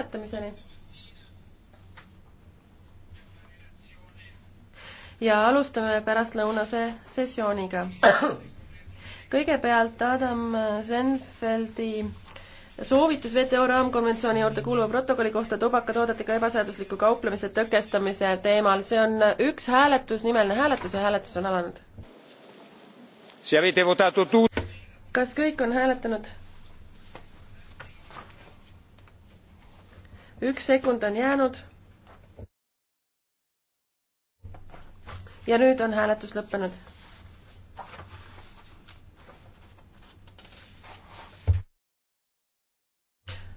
hääletamiseni. ja alustame pärastlõunase sessiooniga. kõigepealt Adam Senfeldi soovitus WTO raamkonventsiooni juurde kuuluva protokolli kohta tubakatoodetega ebaseadusliku kauplemise tõkestamise teemal. see on üks hääletus, nimeline hääletus ja hääletus on alanud. kas kõik on hääletanud? üks sekund on jäänud. ja nüüd on hääletus lõppenud.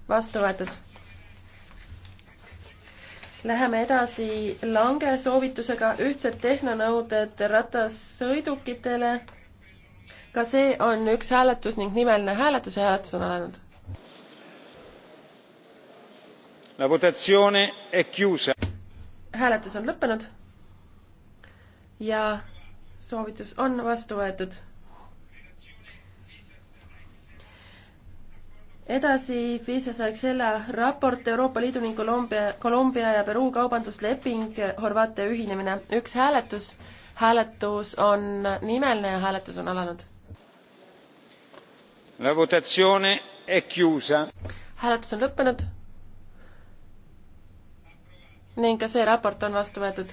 vastu võetud. Läheme edasi lange soovitusega ühtsed tehnonõuded ratassõidukitele. ka see on üks hääletus ning nimeline hääletus ja hääletus on alanud. hääletus on lõppenud ja soovitus on vastu võetud. edasi FISA saaks selle raport Euroopa Liidu ning Kolumbia, Kolumbia ja Peruu kaubandusleping, Horvaatia ühinemine. üks hääletus, hääletus on nimeline ja hääletus on alanud. hääletus on lõppenud ning ka see raport on vastu võetud.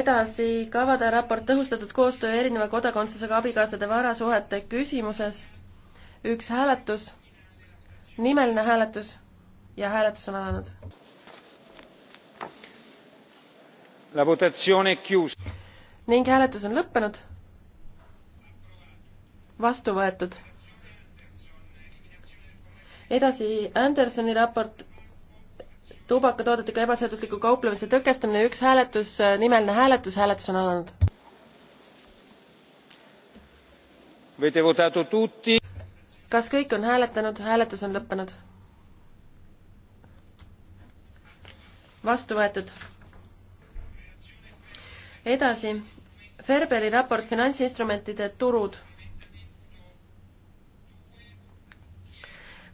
edasi kavada raport tõhustatud koostöö erineva kodakondsusega abikaasade varasuhete küsimuses. üks hääletus, nimeline hääletus ja hääletus on alanud. ning hääletus on lõppenud. vastu võetud edasi Andersoni raport tubakatoodetega ebaseadusliku kauplemise tõkestamine, üks hääletus, nimeline hääletus, hääletus on alanud. kas kõik on hääletanud, hääletus on lõppenud? vastu võetud. edasi, Ferberi raport finantsinstrumentide turud.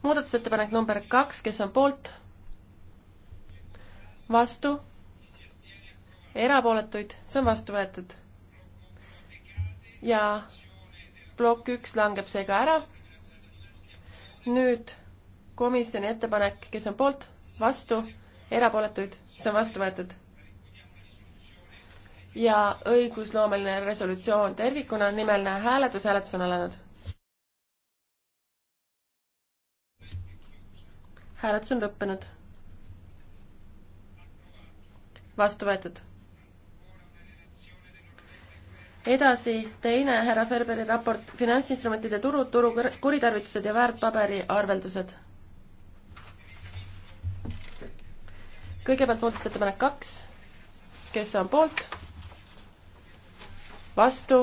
muudatusettepanek number kaks, kes on poolt? vastu, erapooletuid, see on vastu võetud. ja plokk üks langeb seega ära. nüüd komisjoni ettepanek, kes on poolt, vastu, erapooletuid, see on vastu võetud. ja õigusloomeline resolutsioon tervikuna, nimeline hääletus, hääletus on alanud. hääletus on lõppenud vastu võetud. edasi teine härra Ferberi raport, finantsinstrumentide turud, turu kuritarvitused ja väärtpaberi arveldused. kõigepealt muudatusettepanek kaks, kes on poolt, vastu,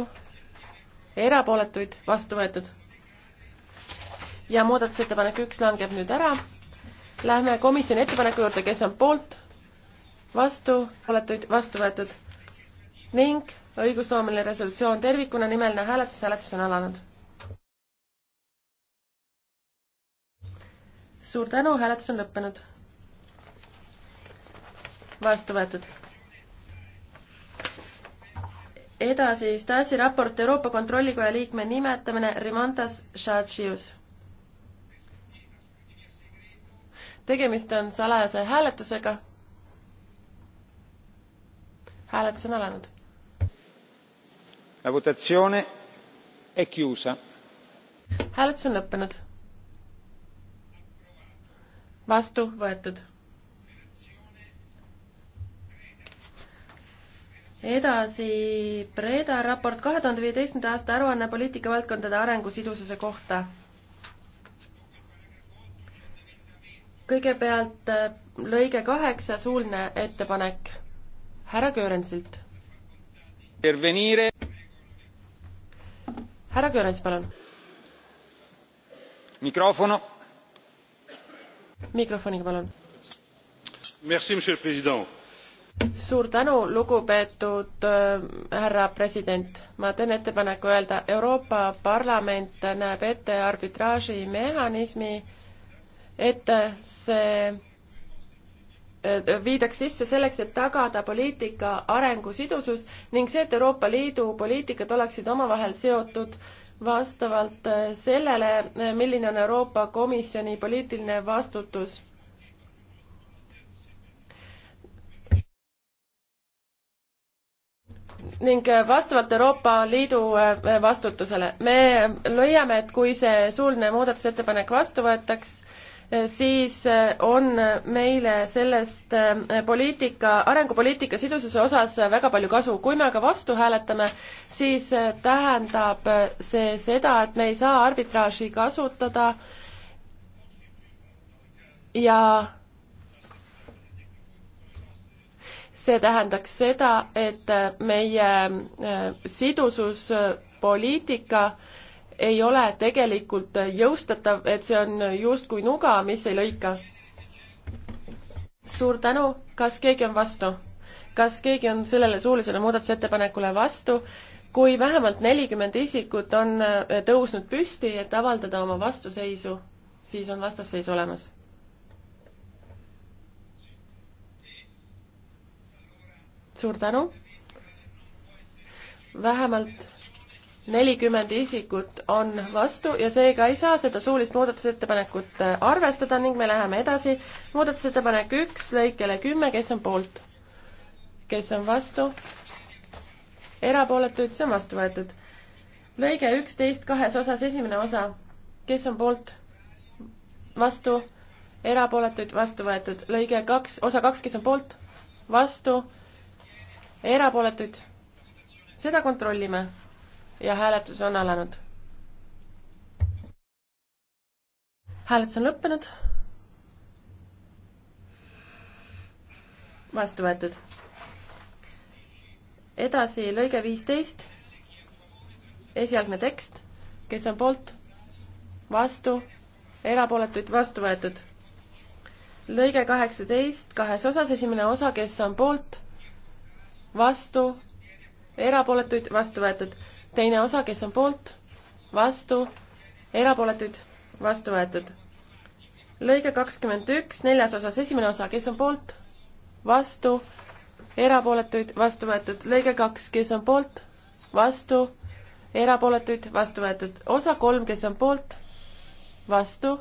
erapooletuid, vastu võetud. ja muudatusettepanek üks langeb nüüd ära. Lähme komisjoni ettepaneku juurde, kes on poolt vastu, hääletuid vastu võetud ning õigusloomeline resolutsioon tervikuna, nimeline hääletus, hääletus on alanud. suur tänu, hääletus on lõppenud. vastu võetud. edasi, Stasi raport Euroopa Kontrollikoja liikme nimetamine, Rimantas Šatšius. tegemist on salajase hääletusega hääletus on alanud. hääletus on lõppenud. vastu võetud. edasi Breda raport kahe tuhande viieteistkümnenda aasta aruanne poliitikavaldkondade arengu sidususe kohta. kõigepealt äh, lõige kaheksa, suuline ettepanek härra Göransilt. härra Görans, palun. mikrofon. mikrofoniga, palun. suur tänu, lugupeetud äh, härra president. ma teen ettepaneku öelda, Euroopa Parlament näeb ette arbitraažimehhanismi, et see viidaks sisse selleks, et tagada poliitika arengu sidusus ning see, et Euroopa Liidu poliitikad oleksid omavahel seotud vastavalt äh, sellele, äh, milline on Euroopa Komisjoni poliitiline vastutus ning äh, vastavalt Euroopa Liidu vastutusele. me leiame, et kui see suuline muudatusettepanek vastu võetaks, Eh, siis eh, on meile sellest eh, poliitika, arengupoliitika sidususe osas väga palju kasu. kui me aga vastu hääletame, siis tähendab see seda, et me ei saa arbitraaži kasutada ja see tähendaks seda, et meie sidususpoliitika äh, ei ole tegelikult jõustatav, et see on justkui nuga, mis ei lõika. suur tänu, kas keegi on vastu? kas keegi on sellele suulisele muudatusettepanekule vastu? kui vähemalt nelikümmend isikut on äh, tõusnud püsti, et avaldada oma vastuseisu, siis on vastasseis olemas. suur tänu. vähemalt nelikümmend isikut on vastu ja seega ei saa seda suulist muudatusettepanekut äh, arvestada ning me läheme edasi. muudatusettepanek üks lõikele kümme, kes on poolt? kes on vastu? erapooletuid, see on vastu võetud. lõige üksteist kahes osas, esimene osa, kes on poolt? vastu? erapooletuid, vastu võetud. lõige kaks, osa kaks, kes on poolt? vastu? erapooletuid? seda kontrollime ja hääletus on alanud. hääletus on lõppenud. vastu võetud. edasi lõige viisteist, esialgne tekst, kes on poolt, vastu, erapooletuid vastu võetud. lõige kaheksateist kahes osas, esimene osa, kes on poolt, vastu, erapooletuid vastu võetud teine osa, kes on poolt, vastu, erapooletuid, vastu võetud. lõige kakskümmend üks, neljas osas esimene osa, kes on poolt, vastu, erapooletuid, vastu võetud. lõige kaks, kes on poolt, vastu, erapooletuid, vastu võetud. osa kolm, kes on poolt, vastu,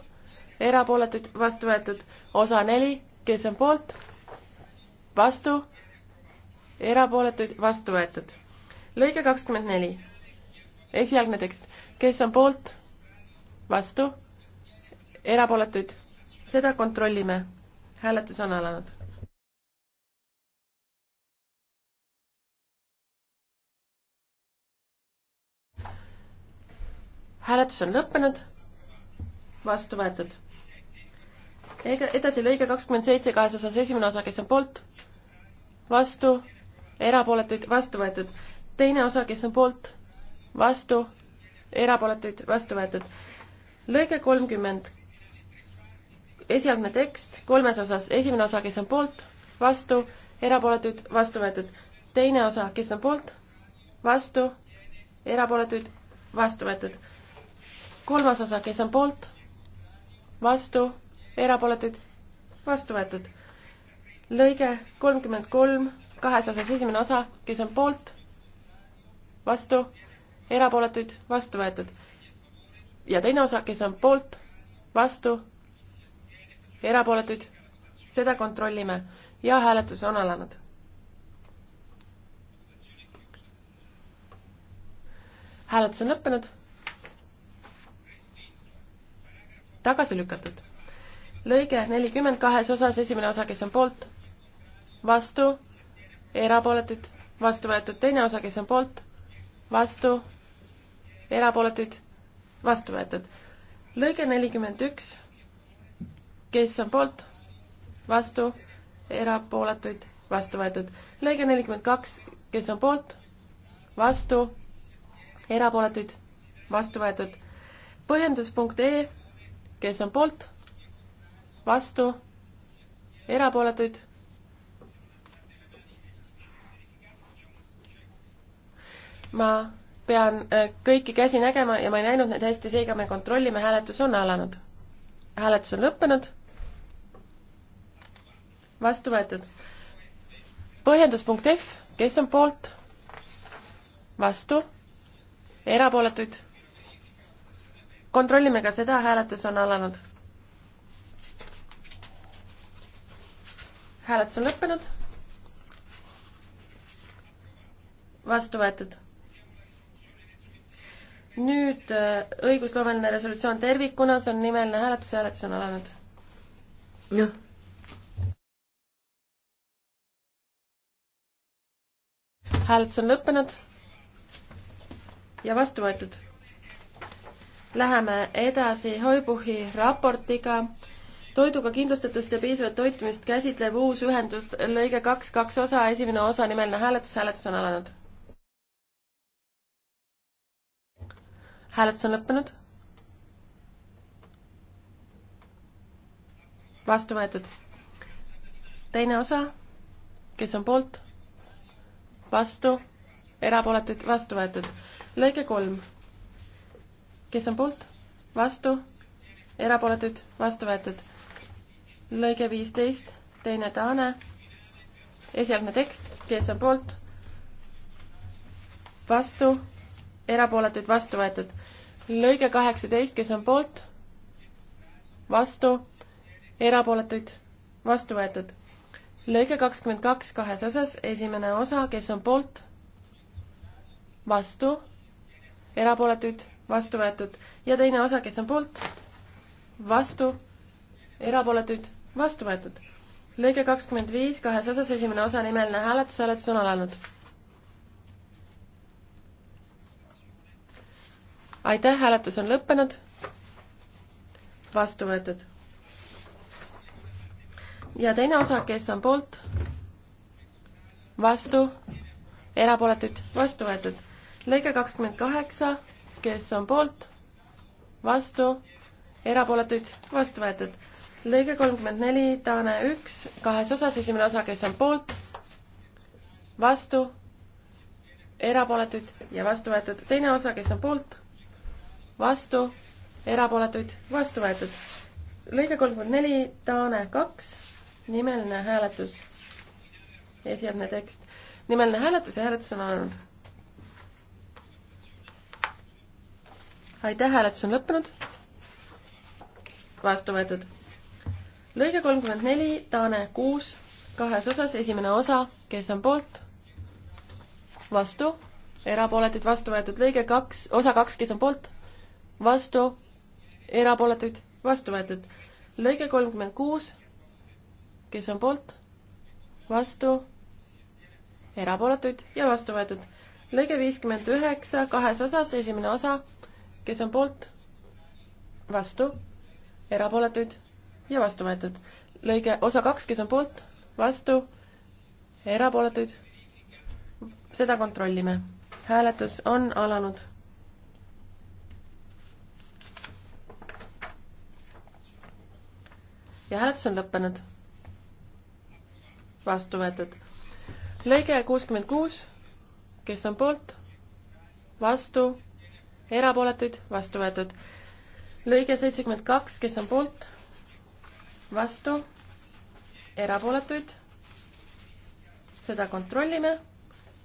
erapooletuid, vastu võetud. osa neli, kes on poolt, vastu, erapooletuid, vastu võetud. lõige kakskümmend neli esialgne tekst, kes on poolt, vastu, erapooletuid, seda kontrollime. hääletus on alanud. hääletus on lõppenud, vastu võetud. edasi lõige kakskümmend seitse kahes osas, esimene osa, kes on poolt, vastu, erapooletuid, vastu võetud. teine osa, kes on poolt vastu, erapooletuid, vastu võetud. lõige kolmkümmend, esialgne tekst kolmes osas, esimene osa, kes on poolt, vastu, erapooletuid, vastu võetud. teine osa, kes on poolt, vastu, erapooletuid, vastu võetud. kolmas osa, kes on poolt, vastu, erapooletuid, vastu võetud lõige kolmkümmend kolm, kahes osas esimene osa, kes on poolt, vastu, erapooletuid, vastu võetud. ja teine osa, kes on poolt, vastu, erapooletuid, seda kontrollime ja hääletus on alanud. hääletus on lõppenud. tagasi lükatud. lõige nelikümmend kahes osas, esimene osa, kes on poolt, vastu, erapooletud, vastu võetud teine osa, kes on poolt, vastu, erapooletuid, vastu võetud. lõige nelikümmend üks, kes on poolt, vastu, erapooletuid, vastu võetud. lõige nelikümmend kaks, kes on poolt, vastu, erapooletuid, vastu võetud. põhjenduspunkt E, kes on poolt, vastu, erapooletuid ma pean äh, kõiki käsi nägema ja ma ei näinud neid hästi, seega me kontrollime, hääletus on alanud. hääletus on lõppenud. vastu võetud. põhjenduspunkt F, kes on poolt? vastu? erapooletuid? kontrollime ka seda, hääletus on alanud. hääletus on lõppenud. vastu võetud nüüd äh, õigusloomeline resolutsioon tervikuna, see on nimeline hääletus, hääletus on alanud. jah. hääletus on lõppenud ja vastu võetud. Läheme edasi Hoibuhi raportiga. toiduga kindlustatust ja piisavat toitumist käsitlev uus ühendus, lõige kaks, kaks osa, esimene osa, nimeline hääletus, hääletus on alanud hääletus on lõppenud. vastu võetud. teine osa, kes on poolt, vastu, erapooletuid vastu võetud. lõige kolm, kes on poolt, vastu, erapooletuid vastu võetud. lõige viisteist, teine taane, esialgne tekst, kes on poolt, vastu, erapooletuid vastu võetud lõige kaheksateist, kes on poolt, vastu, erapooletuid, vastu võetud. lõige kakskümmend kaks kahes osas, esimene osa, kes on poolt, vastu, erapooletuid, vastu võetud ja teine osa, kes on poolt, vastu, erapooletuid, vastu võetud. lõige kakskümmend viis kahes osas, esimene osa, nimeline hääletus, hääletus on alanud aitäh, hääletus on lõppenud. vastu võetud. ja teine osa, kes on poolt? vastu, erapooletuid, vastu võetud. lõige kakskümmend kaheksa, kes on poolt? vastu, erapooletuid, vastu võetud. lõige kolmkümmend neli, Taane üks, kahes osas, esimene osa, kes on poolt? vastu, erapooletuid ja vastu võetud. teine osa, kes on poolt? vastu, erapooletuid, vastu võetud. lõige kolmkümmend neli, Taane kaks, nimeline hääletus. esialgne tekst, nimeline hääletus ja hääletus on alanud. aitäh, hääletus on lõppenud. vastu võetud. lõige kolmkümmend neli, Taane kuus, kahes osas, esimene osa, kes on poolt? vastu erapooletuid vastu võetud lõige kaks, osa kaks, kes on poolt? vastu, erapooletuid, vastu võetud. lõige kolmkümmend kuus, kes on poolt, vastu, erapooletuid ja vastu võetud. lõige viiskümmend üheksa, kahes osas, esimene osa, kes on poolt, vastu, erapooletuid ja vastu võetud. lõige, osa kaks, kes on poolt, vastu, erapooletuid, seda kontrollime. hääletus on alanud ja hääletus on lõppenud. vastu võetud. lõige kuuskümmend kuus, kes on poolt, vastu, erapooletuid, vastu võetud. lõige seitsekümmend kaks, kes on poolt, vastu, erapooletuid. seda kontrollime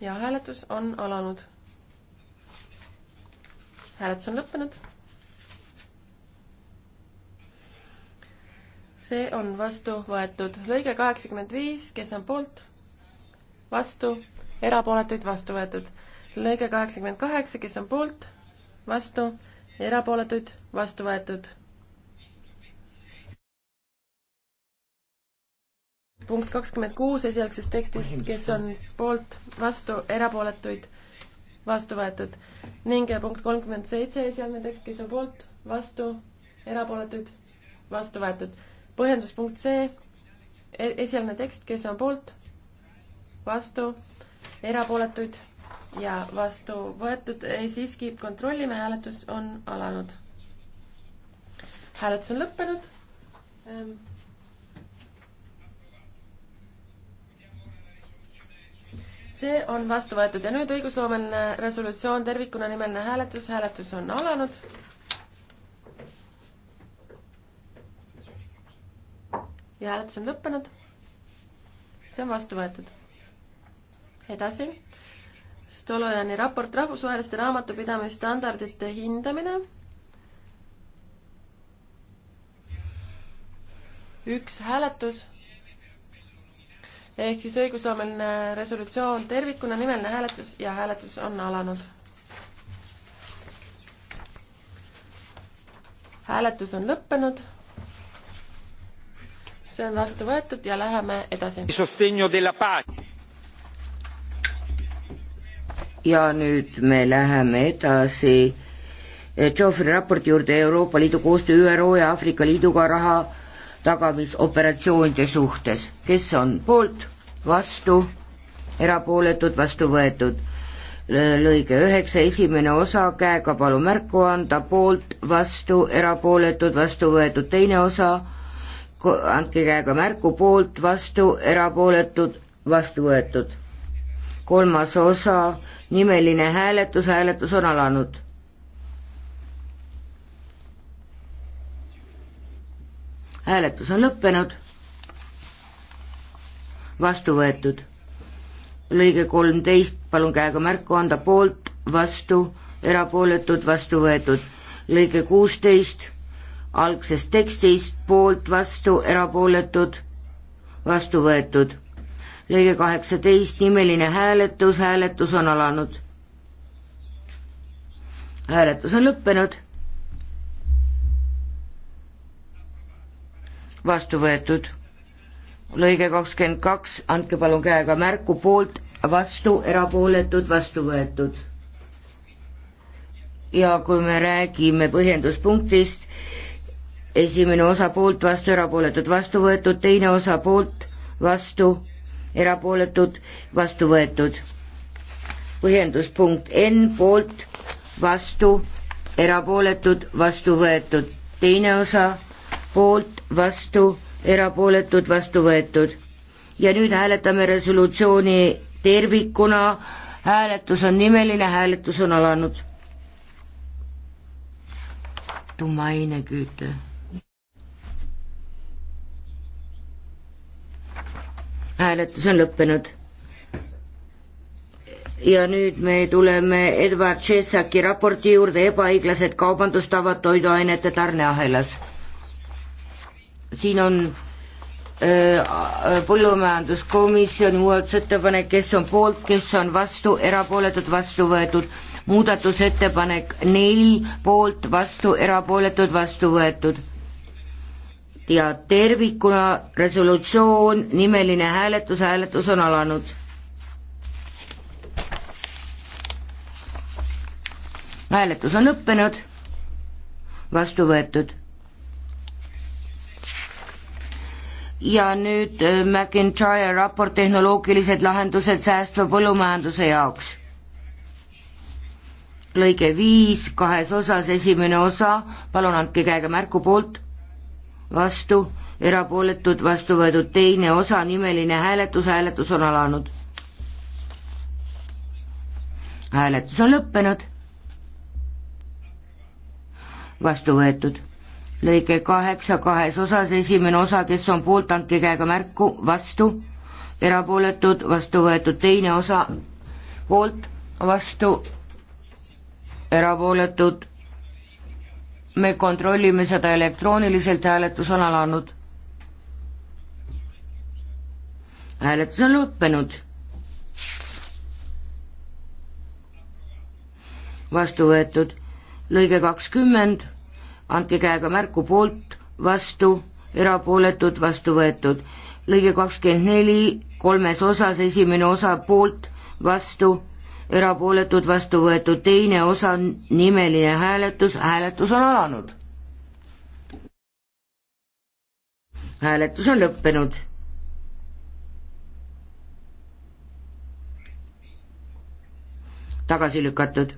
ja hääletus on alanud. hääletus on lõppenud see on vastu võetud. lõige kaheksakümmend viis, kes on poolt? vastu, erapooletuid vastu võetud. lõige kaheksakümmend kaheksa, kes on poolt? vastu, erapooletuid vastu võetud. punkt kakskümmend kuus esialgsest tekstist, kes on poolt, vastu, erapooletuid vastu võetud ning punkt kolmkümmend seitse esialgne tekst, kes on poolt, vastu, erapooletuid vastu võetud põhjenduspunkt C, e-, esialgne tekst, kes on poolt, vastu, erapooletuid ja vastu võetud, siiski kontrollime, hääletus on alanud. hääletus on lõppenud. Ehm. see on vastu võetud ja nüüd õigusloomeline resolutsioon tervikuna nimeline hääletus, hääletus on alanud ja hääletus on lõppenud. see on vastu võetud. edasi. Stolojani raport rahvusvaheliste raamatupidamisstandardite hindamine. üks hääletus ehk siis õigusloomeline resolutsioon tervikuna, nimeline hääletus ja hääletus on alanud. hääletus on lõppenud see on vastu võetud ja läheme edasi. ja nüüd me läheme edasi Tšofri eh, raporti juurde Euroopa Liidu koostöö ÜRO ja Aafrika Liiduga raha tagamisoperatsioonide suhtes. kes on poolt, vastu, erapooletud, vastu võetud? Eh, lõige üheksa, esimene osa, käega palun märku anda, poolt, vastu, erapooletud, vastu võetud, teine osa märku, andke käega märku, poolt, vastu, erapooletud, vastu võetud. kolmas osa, nimeline hääletus, hääletus on alanud. hääletus on lõppenud, vastu võetud. lõige kolmteist, palun käega märku anda, poolt, vastu, erapooletud, vastu võetud. lõige kuusteist algsest tekstist poolt vastu, erapooletud, vastu võetud. lõige kaheksateist, nimeline hääletus, hääletus on alanud. hääletus on lõppenud. vastu võetud. lõige kakskümmend kaks, andke palun käega märku, poolt, vastu, erapooletud, vastu võetud. ja kui me räägime põhjenduspunktist, esimene osa poolt, vastu, erapooletud, vastu võetud, teine osa poolt, vastu, erapooletud, vastu võetud. põhjenduspunkt N poolt, vastu, erapooletud, vastu võetud, teine osa poolt, vastu, erapooletud, vastu võetud. ja nüüd hääletame resolutsiooni tervikuna, hääletus on nimeline, hääletus on alanud. tumaine küüte hääletus on lõppenud. ja nüüd me tuleme Edward Chesaki raporti juurde ebaõiglased kaubandustavad toiduainete tarneahelas. siin on põllumajanduskomisjoni muudatusettepanek, kes on poolt, kes on vastu, erapooletud, vastu võetud. muudatusettepanek neli poolt, vastu, erapooletud, vastu võetud ja tervikuna resolutsioon, nimeline hääletus, hääletus on alanud. hääletus on lõppenud, vastu võetud. ja nüüd äh, McIntyre raport tehnoloogilised lahendused säästva põllumajanduse jaoks. lõige viis kahes osas, esimene osa, palun andke käega märku poolt vastu, erapooletud, vastu võetud teine osa, nimeline hääletus, hääletus on alanud. hääletus on lõppenud. vastu võetud. lõige kaheksa kahes osas, esimene osa, kes on poolt, andke käega märku, vastu, erapooletud, vastu võetud teine osa, poolt, vastu, erapooletud me kontrollime seda elektrooniliselt ja hääletus on alanud. hääletus on lõppenud. vastu võetud lõige kakskümmend, andke käega märku poolt, vastu, erapooletud, vastu võetud. lõige kakskümmend neli, kolmes osas, esimene osa poolt, vastu erapooletud, vastu võetud, teine osa, nimeline hääletus, hääletus on alanud. hääletus on lõppenud. tagasi lükatud.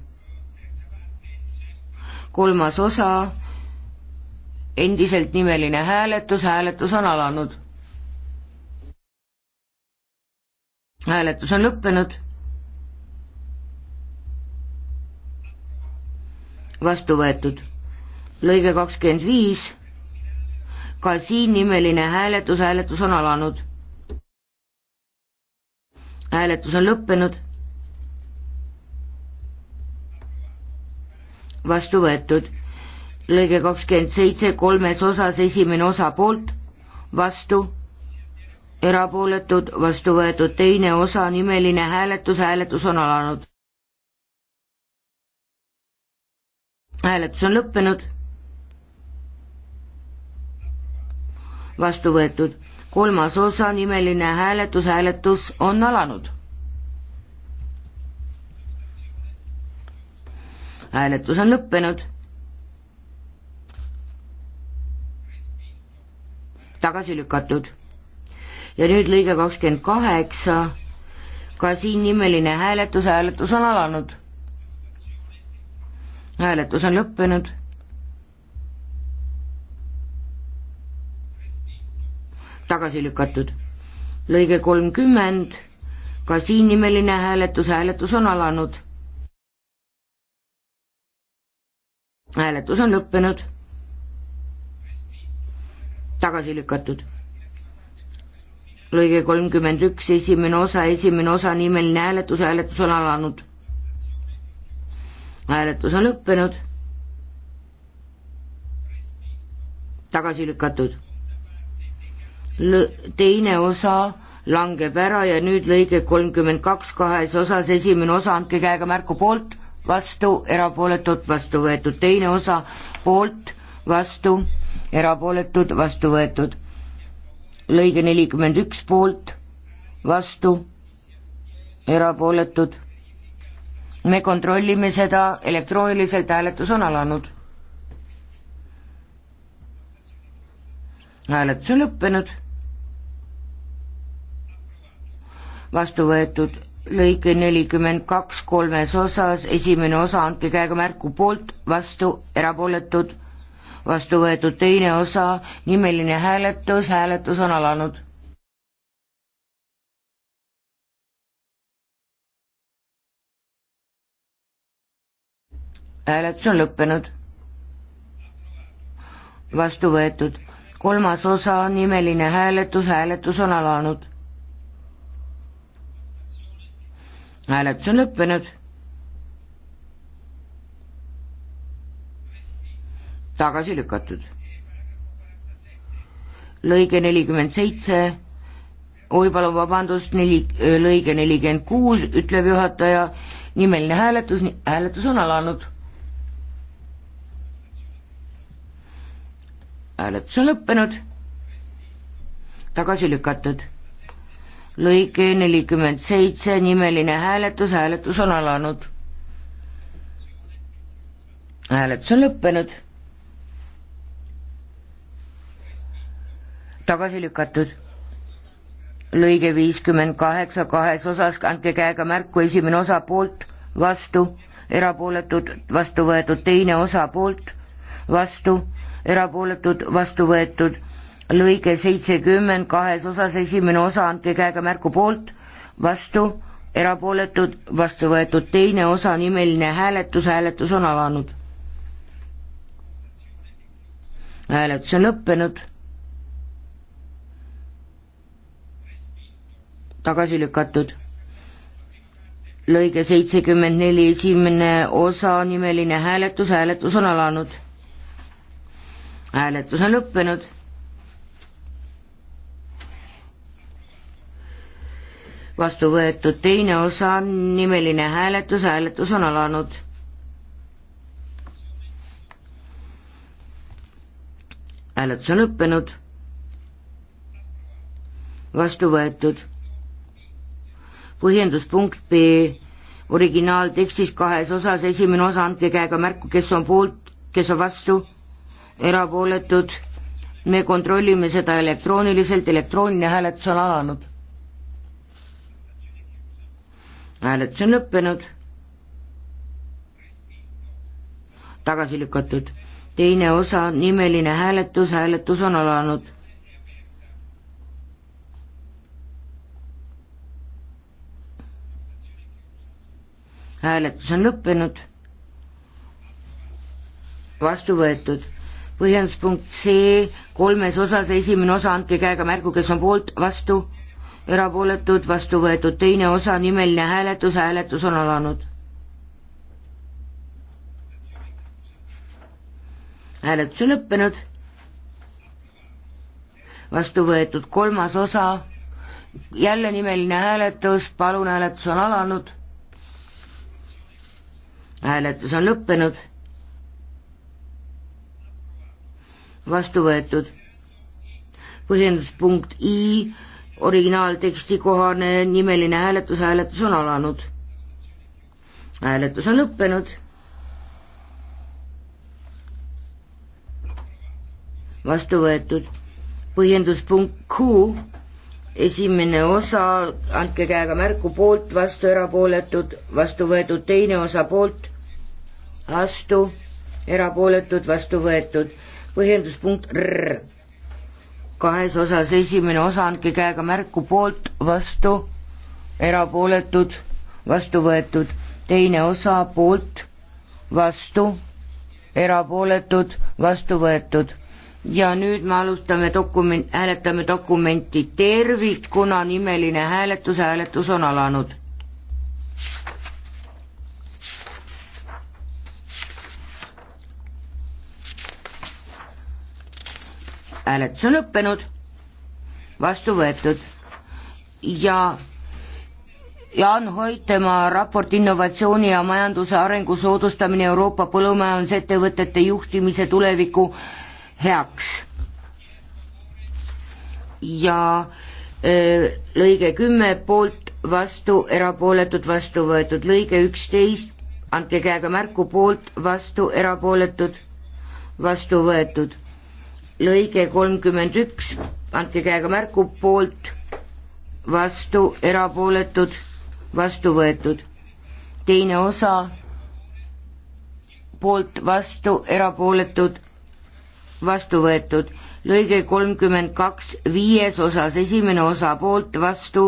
kolmas osa, endiselt nimeline hääletus, hääletus on alanud. hääletus on lõppenud vastu võetud. lõige kakskümmend viis, ka siin nimeline hääletus, hääletus on alanud. hääletus on lõppenud. vastu võetud. lõige kakskümmend seitse, kolmes osas, esimene osa poolt, vastu, erapooletud, vastu võetud, teine osa, nimeline hääletus, hääletus on alanud. hääletus on lõppenud. vastu võetud. kolmas osa, nimeline hääletus, hääletus on alanud. hääletus on lõppenud. tagasi lükatud. ja nüüd lõige kakskümmend kaheksa, ka siin nimeline hääletus, hääletus on alanud hääletus on lõppenud. tagasi lükatud. lõige kolmkümmend, ka siin nimeline hääletus, hääletus on alanud. hääletus on lõppenud. tagasi lükatud. lõige kolmkümmend üks, esimene osa, esimene osa, nimeline hääletus, hääletus on alanud hääletus on lõppenud. tagasi lükatud. Lõ-, teine osa langeb ära ja nüüd lõige kolmkümmend kaks kahes osas, esimene osa, andke käega märku poolt, vastu, erapooletud, vastu võetud, teine osa poolt, vastu, erapooletud, vastu võetud. lõige nelikümmend üks poolt, vastu, erapooletud me kontrollime seda elektrooniliselt, hääletus on alanud. hääletus on lõppenud. vastu võetud lõike nelikümmend kaks kolmes osas, esimene osa, andke käega märku poolt, vastu, erapooletud, vastu võetud teine osa, nimeline hääletus, hääletus on alanud hääletus on lõppenud. vastu võetud. kolmas osa on nimeline hääletus, hääletus on alanud. hääletus on lõppenud. tagasi lükatud. lõige nelikümmend seitse oi palun vabandust, neli, lõige nelikümmend kuus, ütleb juhataja, nimeline hääletus, hääletus on alanud hääletus on lõppenud, tagasi lükatud. lõige nelikümmend seitse, nimeline hääletus, hääletus on alanud. hääletus on lõppenud, tagasi lükatud lõige viiskümmend kaheksa kahes osas, andke käega märku, esimene osa poolt, vastu, erapooletud, vastu võetud, teine osa poolt, vastu, erapooletud, vastu võetud. lõige seitsekümmend kahes osas, esimene osa, andke käega märku poolt, vastu, erapooletud, vastu võetud, teine osa, nimeline hääletus, hääletus on alanud. hääletus on lõppenud. tagasi lükatud lõige seitsekümmend neli, esimene osa, nimeline hääletus, hääletus on alanud hääletus on lõppenud. vastu võetud teine osa, nimeline hääletus, hääletus on alanud. hääletus on lõppenud. vastu võetud. põhjenduspunkt B originaaltekstis kahes osas, esimene osa, andke käega märku, kes on poolt, kes on vastu erapooletud, me kontrollime seda elektrooniliselt, elektrooniline hääletus on alanud. hääletus on lõppenud, tagasi lükatud. teine osa, nimeline hääletus, hääletus on alanud hääletus on lõppenud, vastu võetud põhjenduspunkt C kolmes osas, esimene osa, andke käega märku, kes on poolt, vastu, erapooletud, vastu võetud, teine osa, nimeline hääletus, hääletus on alanud. hääletus on lõppenud, vastu võetud kolmas osa, jälle nimeline hääletus, palun, hääletus on alanud, hääletus on lõppenud vastu võetud. põhjenduspunkt I, originaalteksti kohane nimeline hääletus, hääletus on alanud. hääletus on lõppenud. vastu võetud. põhjenduspunkt Q, esimene osa, andke käega märku, poolt, vastu, erapooletud, vastu võetud, teine osa poolt, vastu, erapooletud, vastu võetud põhjenduspunkt R kahes osas, esimene osa, andke käega märku poolt, vastu, erapooletud, vastu võetud, teine osa poolt, vastu, erapooletud, vastu võetud. ja nüüd me alustame dokument, hääletame dokumenti tervikuna, nimeline hääletus, hääletus on alanud. hääletus on lõppenud, vastu võetud ja Jaan Hoitemaa raport innovatsiooni ja majanduse arengu soodustamine Euroopa põllumajandusettevõtete juhtimise tuleviku heaks. ja lõige kümme poolt vastu, erapooletud vastu võetud, lõige üksteist, andke käega märku, poolt vastu, erapooletud vastu võetud lõige kolmkümmend üks, andke käega märku, poolt, vastu, erapooletud, vastu võetud. teine osa, poolt, vastu, erapooletud, vastu võetud. lõige kolmkümmend kaks, viies osas, esimene osa poolt, vastu,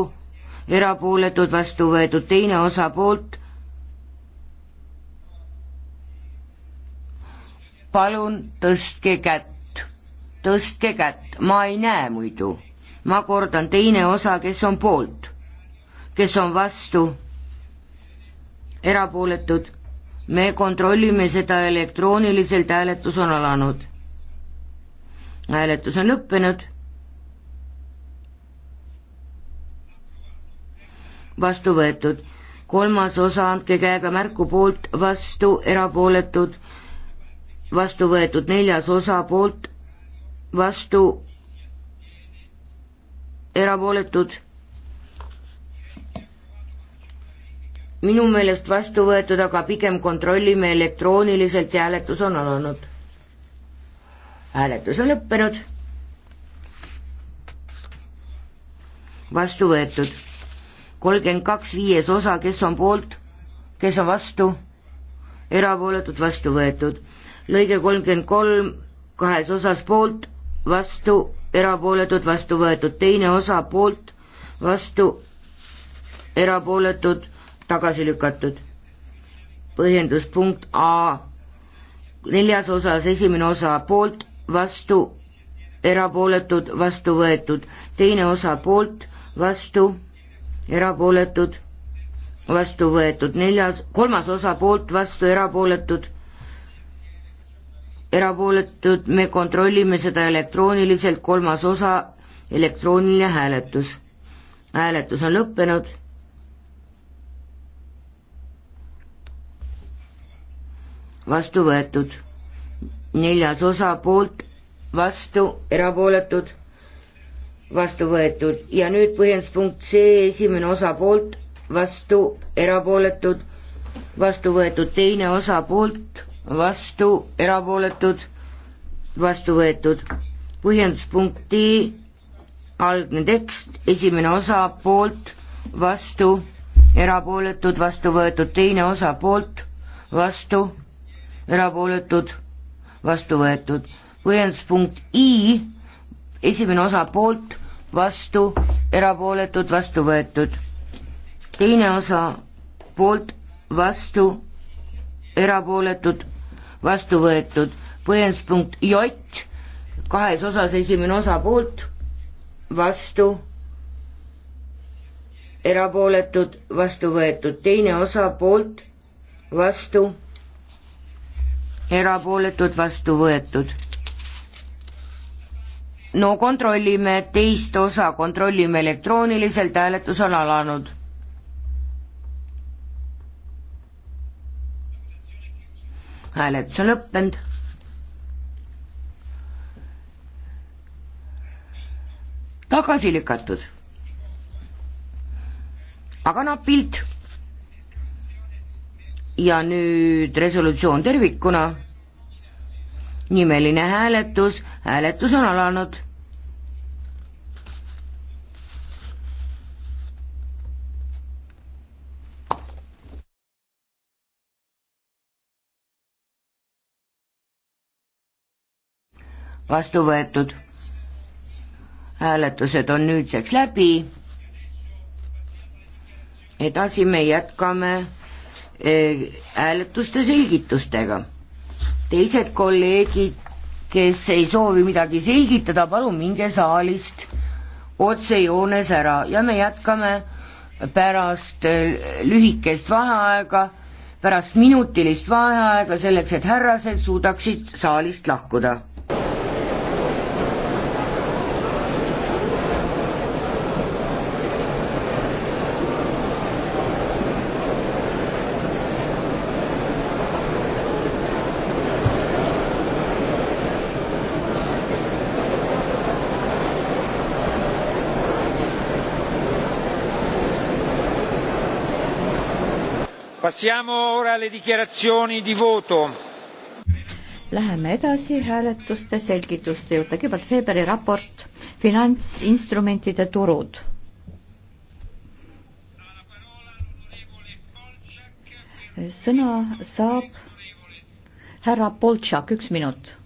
erapooletud, vastu võetud, teine osa poolt, palun tõstke kätt tõstke kätt, ma ei näe muidu. ma kordan, teine osa, kes on poolt, kes on vastu, erapooletud, me kontrollime seda elektrooniliselt, hääletus on alanud. hääletus on lõppenud. vastu võetud, kolmas osa, andke käega märku poolt, vastu, erapooletud, vastu võetud neljas osa poolt, vastu, erapooletud. minu meelest vastu võetud, aga pigem kontrollime elektrooniliselt ja hääletus on alanud. hääletus on lõppenud. vastu võetud kolmkümmend kaks viies osa, kes on poolt, kes on vastu, erapooletud vastu võetud. lõige kolmkümmend kolm kahes osas poolt, vastu, erapooletud, vastu võetud, teine osa poolt, vastu, erapooletud, tagasi lükatud. põhjenduspunkt A, neljas osas esimene osa poolt, vastu, erapooletud, vastu võetud, teine osa poolt, vastu, erapooletud, vastu võetud, neljas, kolmas osa poolt, vastu, erapooletud erapooletud, me kontrollime seda elektrooniliselt, kolmas osa, elektrooniline hääletus. hääletus on lõppenud. vastu võetud. neljas osa poolt, vastu, erapooletud, vastu võetud ja nüüd põhjenduspunkt C, esimene osa poolt, vastu, erapooletud, vastu võetud teine osa poolt vastu, erapooletud, vastu võetud. põhjenduspunkti algne tekst, esimene osa poolt, vastu, erapooletud, vastu võetud, teine osa poolt, vastu, erapooletud, vastu võetud. põhjenduspunkt I, esimene osa poolt, vastu, erapooletud, vastu võetud. teine osa poolt, vastu, erapooletud, vastu võetud. põhjenduspunkt J kahes osas, esimene osa poolt, vastu, erapooletud, vastu võetud, teine osa poolt, vastu, erapooletud, vastu võetud. no kontrollime teist osa, kontrollime elektrooniliselt, hääletus on alanud hääletus on lõppenud. tagasi lükatud. aga napilt. ja nüüd resolutsioon tervikuna. nimeline hääletus, hääletus on alanud vastu võetud. hääletused on nüüdseks läbi. edasi me jätkame eh, hääletuste selgitustega. teised kolleegid, kes ei soovi midagi selgitada, palun minge saalist otsejoones ära ja me jätkame pärast eh, lühikest vaheaega, pärast minutilist vaheaega selleks, et härrased suudaksid saalist lahkuda alle dichiarazioni di voto. Läheme edasi hääletuste selgituste juurde. kõigepealt Feberi raport finantsinstrumentide turud. sõna saab härra Boltšak, üks minut